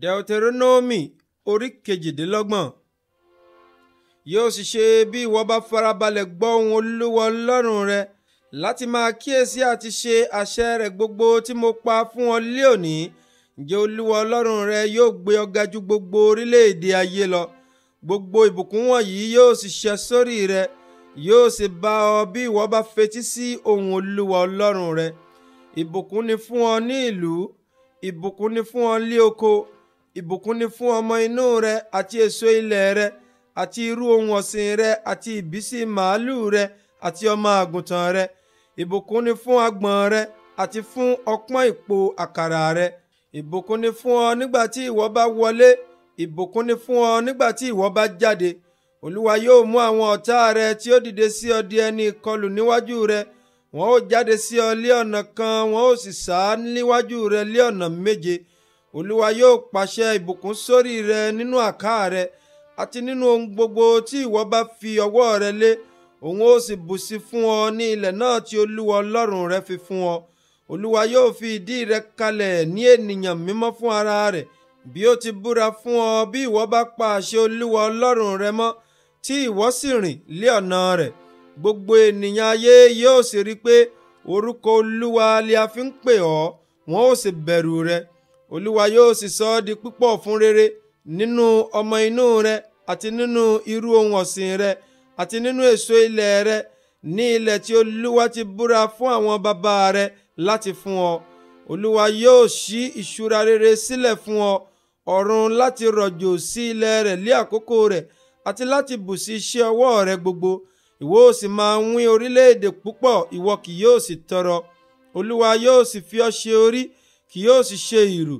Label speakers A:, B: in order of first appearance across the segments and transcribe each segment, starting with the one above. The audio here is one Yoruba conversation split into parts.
A: deuteronomy orí kejìdínlọ́gbọ̀n yóò sì ṣe bí ìwọ bá farabalẹ̀ gbọ́ ohùn olúwa ọlọ́run rẹ láti máa kíyèsí àti ṣe àṣẹ rẹ gbogbo tí mo pa fún ọ lé òní ǹjẹ́ olúwa ọlọ́run rẹ yóò gbé ọ ga gbogbo orílẹ̀-èdè ayé lọ gbogbo ìbùkún wọ̀nyí yóò sì ṣẹ sórí rẹ yóò sì bá ọ bí ìwọ bá fetí sí ohùn olúwa ọlọ́run rẹ ìbùkún ni fún ọ ní ìlú ìbùkún ni fún ọ lé oko ìbùkún ni fún ọmọ inú rẹ àti èso ilẹ̀ rẹ àti irú ohun ọ̀sìn rẹ àti ìbísí màálù rẹ àti ọmọ àgùntàn rẹ ìbùkún ni fún agbọ̀n rẹ àti fún ọpọ́n ìpò àkàrà rẹ ìbùkún ni fún ọ nígbà tí ìwọ bá wọlé ìbùkún ni fún ọ nígbà tí ìwọ bá jáde olúwa yóò mú àwọn ọ̀tá rẹ tí ó dìde sí ọ di ẹni ìkọlù níwájú rẹ wọn ó jáde sí ọ lé ọ̀nà kan wọn ó sì sá níwájú rẹ lé ọ̀nà méje olúwa yóò pàṣẹ ìbùkún sórí rẹ nínú àká rẹ àti nínú ohun gbogbo tí ìwọ bá fi ọwọ́ rẹ lé òun ó sì bùsí fún ọ ní ilẹ̀ náà tí olúwa ọlọ́run rẹ fi fún ọ olúwa yóò fi ìdí rẹ kalẹ̀ ní ènìyàn mímọ́ fún ara rẹ̀ bí ó ti búra fún ọ bí ìwọ bá pa àṣẹ olúwa ọlọ́run rẹ mọ́ tí ìwọ sì rìn lé ọ̀nà rẹ̀ gbogbo ènìyàn ayé yóò sì rí i pé orúkọ olúwa li a fi ń pè ọ́ wọn ó sì bẹ̀rù rẹ olúwa yóò sì sọ ọ́ di púpọ̀ fún rere nínú ọmọ inú rẹ àti nínú irú ohun ọ̀sìn rẹ àti nínú èso ilẹ̀ rẹ ní ilẹ̀ tí olúwa ti búra fún àwọn bàbá rẹ láti fún ọ olúwa yóò ṣí ìṣúra rere sílẹ̀ fún ọ ọ̀run láti rọ̀jò sí ilẹ̀ rẹ̀ lé àkókò rẹ̀ àti láti bù sí iṣẹ́ ọwọ́ rẹ gbogbo ìwọ ó sì máa wín orílẹ̀-èdè púpọ̀ ìwọ kì yóò sì tọrọ olúwa yóò sì fi ọ ṣe orí kì yóò sì ṣe ìrù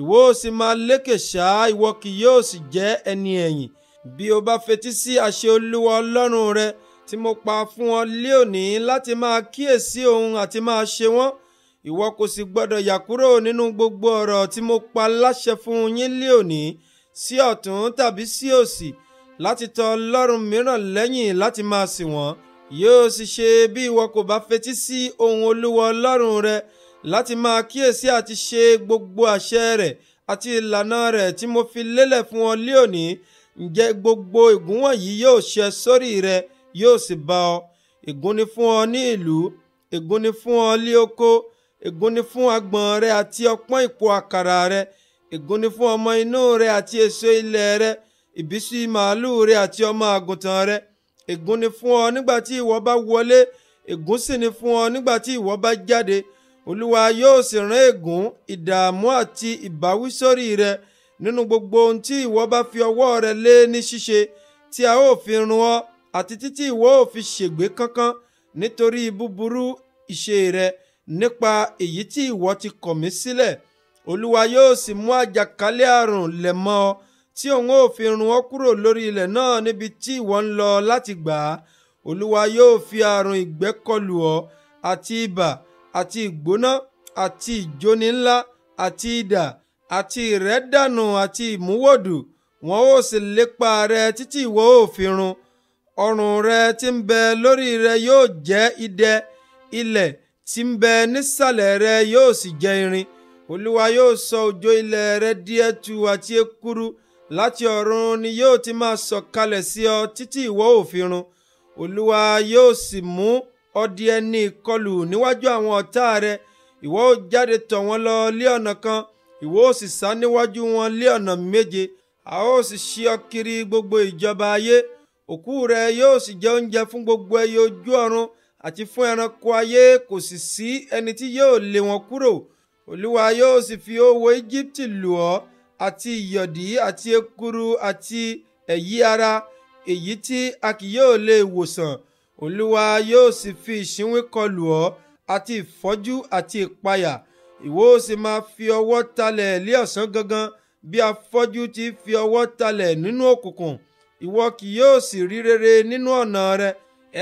A: ìwọ ó sì máa lékè ṣáá ìwọ kì yóò sì jẹ́ ẹni ẹ̀yìn bí o bá fetí sí àṣẹ olúwa ọlọ́run rẹ tí mo pa fún ọ lé òní láti máa kíyèsí òun àti máa ṣe wọ́n ìwọ kò sì gbọdọ̀ yà kúrò nínú gbogbo ọ̀rọ̀ tí mo pa láṣẹ fún yín lé òní sí ọ̀tún tàbí sí òsì láti tọ ọlọ́run mìíràn lẹ́yìn láti máa sìn wọ́n yóò sì ṣe bí ìwọ kò bá fetí sí ohùn olúwa ọlọ́run rẹ láti máa kíyèsí àti ṣe gbogbo àṣẹ rẹ̀ àti ìlànà rẹ̀ tí mo fi lélẹ̀ fún ọ lé òní ǹjẹ́ gbogbo ìgún wọ̀nyí yóò ṣẹ sórí rẹ yóò sì bá ọ ègún ni fún ọ ní ìlú ègún ni fún ọ lé oko ègún ni fún agbọ̀n rẹ àti ọpọ́n ìpò àkàrà rẹ ègún ni fún ọmọ inú rẹ àti èso ilẹ̀ rẹ ìbísí màálù rẹ àti ọmọ àgùntàn rẹ ègún ni fún ọ nígbà tí ìwọ bá wọlé ègún sì ni fún ọ nígbà tí ìwọ bá jáde olúwa yóò sì rán ègún ìdààmú àti ìbáwí sórí rẹ nínú gbogbo ohun tí ìwọ bá fi ọwọ́ rẹ lé ní ṣíṣe tí a ó fi run ọ àti títí ìwọ ó fi ṣègbé kánkán nítorí búburú ìṣe rẹ nípa èyí tí ìwọ ti kọ̀ mí sílẹ̀ olúwa yóò sì mú àjàkálẹ̀ àrùn lẹ̀ mọ́ ọ tí òun ó fi run ọ kúrò lórí ilẹ̀ náà níbi tí ìwọ ń lọ láti gbà á olúwa yóò fi àrùn ìgbẹ́ ọ àti ibà àti ìgbóná àti ìjóni ńlá àti idà àti ìrẹ́dànù àti ìmúwòdù wọn ó sì lépa rẹ títí ìwọ ó fi run ọrùn rẹ tí ń bẹ lórí rẹ yóò jẹ́ idẹ ilẹ̀ tí ń bẹ nísàlẹ̀ rẹ yóò sì jẹ́ irin olúwa yóò sọ òjò ilẹ̀ rẹ di ẹ̀tù àti ekuru láti ọ̀run ni yóò ti máa sọ̀kalẹ̀ sí ọ títí ìwọ ó fi run olúwa yóò sì mú ọdí ẹni ìkọlù níwájú àwọn ọ̀tá rẹ ìwọ ó jáde tọ̀ wọ́n lọ lé ọ̀nà kan ìwọ ó sì sá níwájú wọn lé ọ̀nà méje a ó sì ṣí ọ kiri gbogbo ìjọba ayé òkú rẹ yóò sì jẹ oúnjẹ fún gbogbo ẹyẹ ojú ọ̀run àti fún ẹranko ayé kò sì sí ẹni tí yóò lé wọn kúrò olúwa yóò sì fi owó íjíbítì lù ọ́ àti ìyọ̀dí àti ekuru àti ẹ̀yí ara èyí tí a kì yóò lè wòsàn olúwa yóò sì fi ìsínwín kọlù ọ́ àti ìfọ́jú àti ìpayà ìwọ ó sì máa fi ọwọ́ talẹ̀ lé ọ̀sán gangan bí afọ́jú ti fi ọwọ́ talẹ̀ nínú òkùnkùn ìwọ kì yóò sì rí rere nínú ọ̀nà rẹ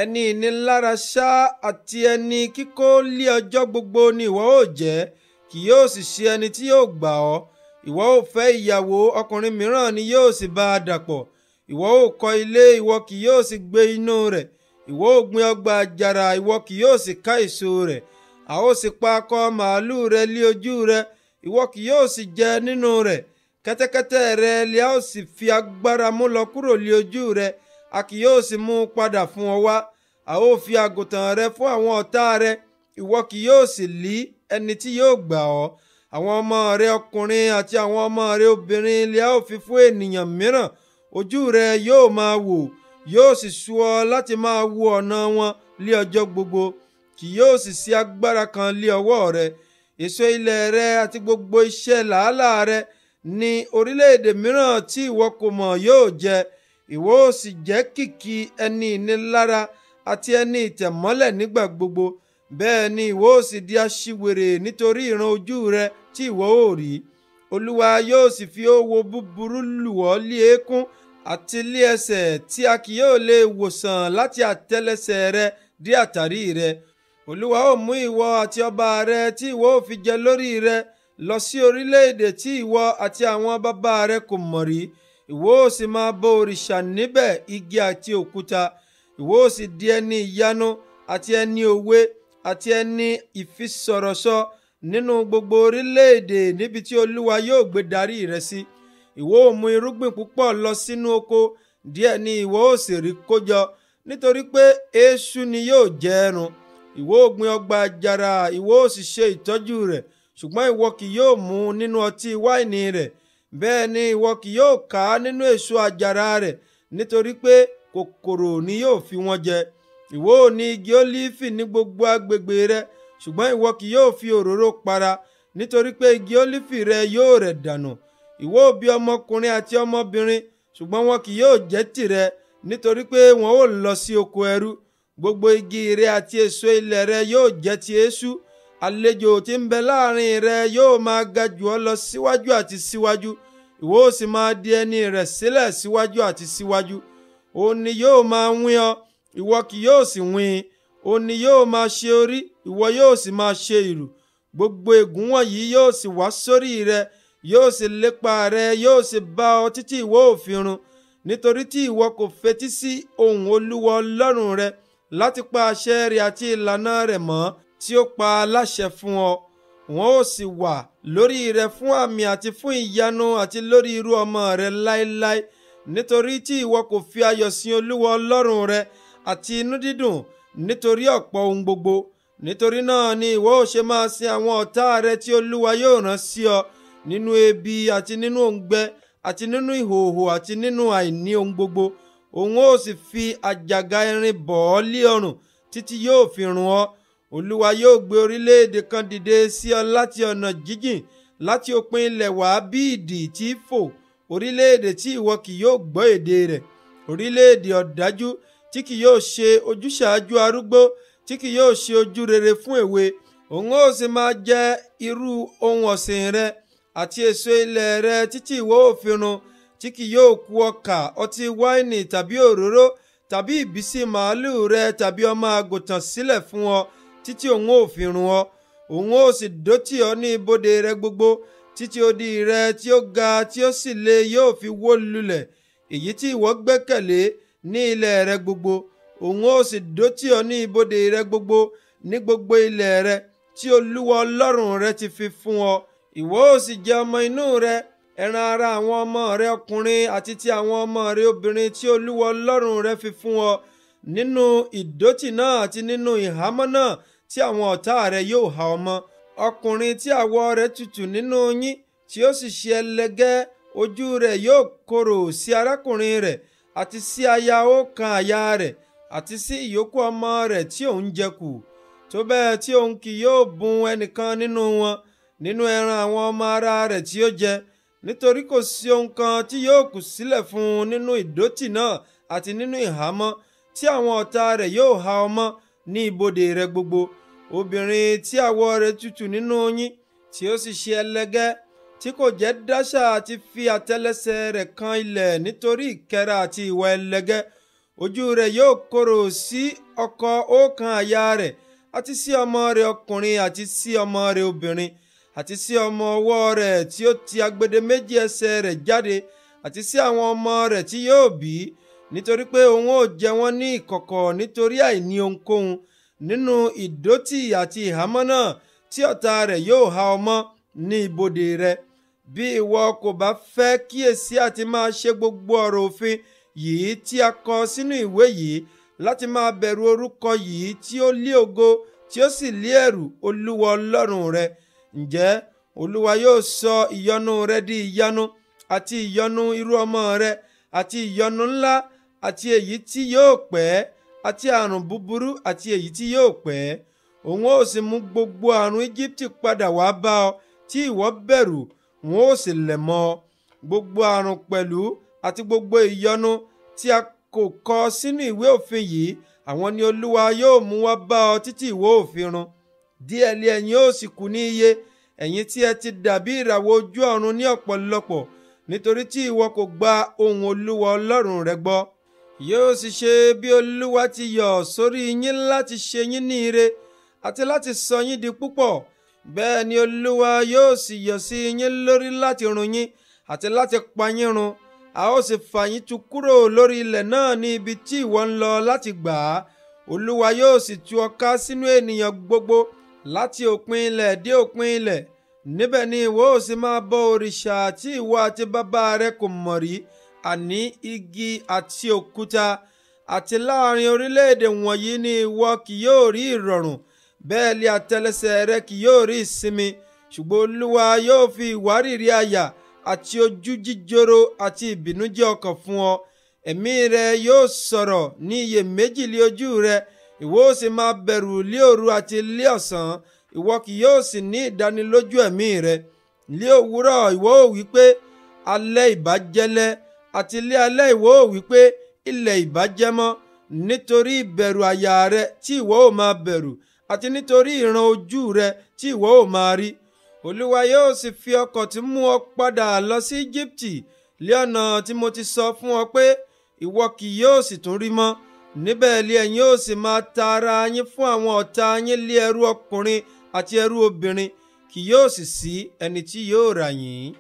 A: ẹni ìnilára ṣá àti ẹni kíkó lé ọjọ́ gbogbo ni ìwọ ó jẹ́ kì yóò sì ṣe ẹni tí yóò gbà ọ́ ìwọ ó fẹ́ ìyàwó ọkùnrin mìíràn ni yóò sì bá a dàpọ̀ ìwọ ó kọ́ ilé ìwọ kì yóò sì gbé inú rẹ̀ ìwọ ògbìn ọgbà àjàrà ìwọ kì yóò sì ká èso rẹ̀ a ó sì pa akọ màálù rẹ lé ojú rẹ ìwọ kì yóò sì jẹ nínú rẹ̀ kẹ́tẹ́kẹ́tẹ́ rẹ lé a ó sì fi agbára mú lọ kúrò lé ojú rẹ a kì yóò sì mú padà fún ọ wá a ó fi àgùntàn rẹ fún àwọn ọ̀tá rẹ ìwọ kì yóò sì lí ẹni tí yóò gbà ọ́ àwọn ọmọ rẹ ọkùnrin àti àwọn ọmọ rẹ obìnrin lé a ó fi fún ènìyàn mìíràn ojú rẹ yóò máa wò yóò sì sú ọ láti máa wo ọ̀nà wọn lé ọjọ́ gbogbo kì yóò sì sí agbára kan lé ọwọ́ rẹ èso ilẹ̀ rẹ àti gbogbo iṣẹ́ làálàá rẹ ní orílẹ̀-èdè mìíràn tí ìwọ kò mọ̀ yóò jẹ ìwọ ò sì jẹ́ kìkì ẹni ìnilára àti ẹni ìtẹ̀mọ́lẹ̀ nígbà gbogbo bẹ́ẹ̀ ni ìwọ ò sì di aṣiwèrè nítorí ìran ojú rẹ tí ìwọ ò rí olúwa yóò sì fi owó búburú lù ọ́ lé eékún àti ilé ẹsẹ̀ tí a kì yóò lè wòsàn láti àtẹ́lẹsẹ̀ rẹ dé àtàrí rẹ olúwa ó mú ìwọ àti ọba rẹ tí ìwọ ó fi jẹ lórí rẹ lọ sí orílẹ̀-èdè tí ìwọ àti àwọn bàbá rẹ kò mọ̀ rí ìwọ ó sì máa bọ òrìṣà níbẹ̀ igi àti òkúta ìwọ ó sì di ẹni ìyanu àti ẹni òwe àti ẹni ìfisọ̀rọ̀sọ nínú gbogbo orílẹ̀-èdè níbi tí olúwa yóò gbé darí rẹ sí. Si ìwọ ó mú irúgbìn púpọ̀ lọ sínú oko díẹ̀ ni ìwọ ó sì rí kó jọ nítorí pé eéṣú ni yóò jẹ ẹnu ìwọ ó gbin ọgbà àjàrà ìwọ ó sì ṣe ìtọ́jú rẹ̀ ṣùgbọ́n ìwọ kì yóò mu nínú ọtí wáìnì rẹ̀ bẹ́ẹ̀ ni ìwọ kì yóò ká nínú àjàrà rẹ̀ nítorí pé kòkòrò ni yóò fi wọ́n jẹ ìwọ ò ní igi ólífì gbogbo agbègbè rẹ ṣùgbọ́n ìwọ kì yóò fi òróró para nítorí pé igi ólífì rẹ yóò rẹ̀ ìwọ ó bí ọmọkùnrin àti ọmọbìnrin ṣùgbọ́n wọn kì yóò jẹ́ tìrẹ nítorí pé wọn ó lọ sí oko ẹrú gbogbo igi rẹ àti èso ilẹ̀ rẹ yóò jẹ́ ti eṣú àlejò tí ń bẹ láàrin rẹ yóò máa ga jù ọ lọ síwájú àti síwájú ìwọ ó sì máa di ẹni rẹ sílẹ̀ síwájú àti síwájú òun ni yóò máa wín ọ ìwọ kì yóò sì wín in òun ni yóò máa ṣe orí ìwọ yóò sì máa ṣe ìrù gbogbo ègún wọ̀nyí yóò sì wá sórí rẹ yóò sì lépa rẹ yóò sì bá ọ títí ìwọ òfin run nítorí tí ìwọ kò fetí sí ohùn olúwa ọlọ́run rẹ láti pa àṣẹ rẹ àti ìlànà rẹ mọ́ tí ó pa aláṣẹ fún ọ wọn ó sì wà lórí rẹ fún àmì àti fún ìyanu àti lórí irú ọmọ rẹ láéláé nítorí tí ìwọ kò fi ayọ̀ sin olúwa ọlọ́run rẹ àti inú dídùn nítorí ọ̀pọ̀ ohun gbogbo nítorí náà ni ìwọ ó ṣe máa sin àwọn ọ̀tá rẹ tí olúwa yóò rán sí ọ nínú ebi àti nínú òǹgbẹ àti nínú ìhòòhò àti nínú àìní ohun gbogbo òun ó sì fi àjàgà irin bọ̀ ọ́ lé ọrùn títí yóò fi run ọ́ olúwa yóò gbé orílẹ̀-èdè kan dìde sí ọ láti ọ̀nà jíjìn láti òpin ilẹ̀ wàá bí idì tí fò orílẹ̀-èdè tí ìwọ kì yóò gbọ́ èdè rẹ̀ orílẹ̀-èdè ọ̀dájú tí kì yóò ṣe ojúṣàájú arúgbó tí kì yóò ṣe ojú rere fún èwe òun ó sì máa jẹ irú ohun ọ̀sìn rẹ̀ àti èso ilẹ̀ rẹ títí ìwọ òfin run tí kì yóò ku ọkà ọtí wáìnì tàbí òróró tàbí ìbísí màálùú rẹ tàbí ọmọ àgùntàn sílẹ̀ fún ọ títí òun ò fi run ọ òun ò sì dótì ọ ní ibodè rẹ gbogbo títí odi rẹ tí ó ga tí ó sì le yóò fi wó lulẹ̀ èyí tí ìwọ gbẹ́kẹ̀lé ní ilẹ̀ rẹ gbogbo òun ó sì dótì ọ ní ibodè rẹ gbogbo ní gbogbo ilẹ̀ rẹ tí Olúwa Ọlọ́run rẹ ti fi fún ọ ìwọ ó sì jẹ ọmọ inú rẹ ẹran ara àwọn ọmọ rẹ ọkùnrin àti ti àwọn ọmọ rẹ obìnrin tí olúwa ọlọ́run rẹ fi fún ọ nínú ìdótì náà àti nínú ìhámọ́ náà tí àwọn ọ̀tá rẹ yóò há ọmọ ọkùnrin tí àwọ̀ rẹ̀ tutù nínú yín tí ó sì ṣe ẹlẹgẹ́ ojú rẹ̀ yóò korò sí arákùnrin rẹ̀ àti sí aya ọ̀kan aya rẹ̀ àti sí ìyókù ọmọ rẹ̀ tí òun jẹ kù tó bẹ́ẹ̀ tí òun kì yóò bùn ẹnìkan nínú wọn nínú ẹran àwọn ọmọ ara rẹ̀ tí ó jẹ nítorí kò sí ohun kan tí yóò kù sílẹ̀ fún un nínú ìdótì náà àti nínú ìhámọ́ tí àwọn ọ̀tá rẹ̀ yóò ha ọmọ ní ibodè rẹ̀ gbogbo obìnrin tí àwọ̀ rẹ̀ tutù nínú yín tí ó sì ṣe ẹlẹgẹ́ tí kò jẹ́ dáṣà àti fi àtẹ́lẹsẹ̀ rẹ̀ kan ilẹ̀ nítorí ìkẹra àti ìwà ẹlẹgẹ́ ojú rẹ̀ yóò korò sí ọkọ ọ̀kan aya rẹ̀ àti sí ọmọ rẹ̀ ọkùnrin àti sí ọmọ rẹ̀ obìnrin àti sí ọmọ ọwọ́ rẹ̀ tí ó ti agbede méjì ẹsẹ̀ rẹ̀ jáde àti sí àwọn ọmọ rẹ̀ tí yóò bí nítorí pé òun ò jẹ wọ́n ní ìkọ̀kọ̀ nítorí àìní ohunkóhun nínú ìdótì àti ìhámọ́ náà tí ọ̀tá rẹ̀ yóò há ọmọ ní ibodè rẹ̀ bí ìwọ kò bá fẹ́ kíyèsí àti máa ṣe gbogbo ọ̀rọ̀ òfin yìí tí a kọ sínú ìwé yìí láti máa bẹ̀rù orúkọ yìí tí ó lé ògo tí ó sì lé ẹ̀rù Olúwa Ọlọ́run rẹ̀ ǹjẹ́ olúwa yóò sọ ìyọnu rẹ di ìyanu àti ìyọnu irú ọmọ rẹ àti ìyọnu ńlá àti èyí tí yóò pẹ́ àti àrùn búburú àti èyí tí yóò pẹ́ òun ó sì mú gbogbo àrùn Íjíbítì padà wá bá ọ tí ìwọ bẹ̀rù òun ó sì lẹ̀ mọ́ ọ gbogbo àrùn pẹ̀lú àti gbogbo ìyọnu tí a kò kọ sínú ìwé òfin yìí àwọn ni olúwa yóò mú wá bá ọ títí ìwọ òfin run díẹ̀ lé ẹ̀yin ó sì kù ní iye ẹ̀yin tí ẹ ti dàbí ìràwọ̀ ojú ọ̀run ní ọ̀pọ̀lọpọ̀ nítorí tí ìwọ kò gba ohùn olúwa ọlọ́run rẹ gbọ́ yóò sì ṣe bí olúwa ti yọ̀ sórí yín láti ṣe yín ní ire àti láti sọ yín di púpọ̀ bẹ́ẹ̀ ni olúwa yóò sì yọ̀ sí yín lórí láti run yín àti láti pa yín run a ó sì fà yín tu kúrò lórí ilẹ̀ náà ní ibi tí ìwọ ń lọ láti gbà á olúwa yóò sì tú ọ ká sínú ènìyàn gbogbo láti òpin ilẹ̀ dé òpin ilẹ̀ níbẹ̀ ni ìwọ ò sì máa bọ òrìṣà tí ìwọ àti bàbá rẹ kò mọ̀ rí àní igi àti òkúta àti láàrin orílẹ̀-èdè wọ̀nyí ni ìwọ kì yóò rí ìrọ̀rùn bẹ́ẹ̀ lé àtẹ́lẹsẹ̀ rẹ kì yóò rí ìsinmi ṣùgbọ́n olúwa yóò fi ìwárìrì àyà àti ojú jíjoro àti ìbìnújẹ́ ọkàn fún ọ ẹ̀mí rẹ yóò sọ̀rọ̀ ní iyèméjì lé ojú rẹ ìwọ ó sì máa bẹ̀rù lí òru àti lí ọ̀sán ìwọ kì yóò sì ní ìdánilójú ẹ̀mí rẹ lí òwúrọ̀ ìwọ ó wí pé alẹ́ ìbàjẹ́lẹ́ àti lí alẹ́ ìwọ ó wí pé ilẹ̀ ìbàjẹ́mọ́ nítorí ìbẹ̀rù àyà rẹ tí ìwọ ó máa bẹ̀rù àti nítorí ìran ojú rẹ tí ìwọ ó máa rí olúwa yóò sì fi ọkọ̀ tí mú ọ padà lọ sí íjíbítì lí tí mo ti sọ fún ọ pé ìwọ kì yóò sì tún rí mọ́ níbẹ̀ ilé ẹ̀yin ó sì máa ta ara yín fún àwọn ọ̀tá yín lé ẹrú ọkùnrin àti ẹrú obìnrin kì yóò sì sí ẹni tí yóò rà yín.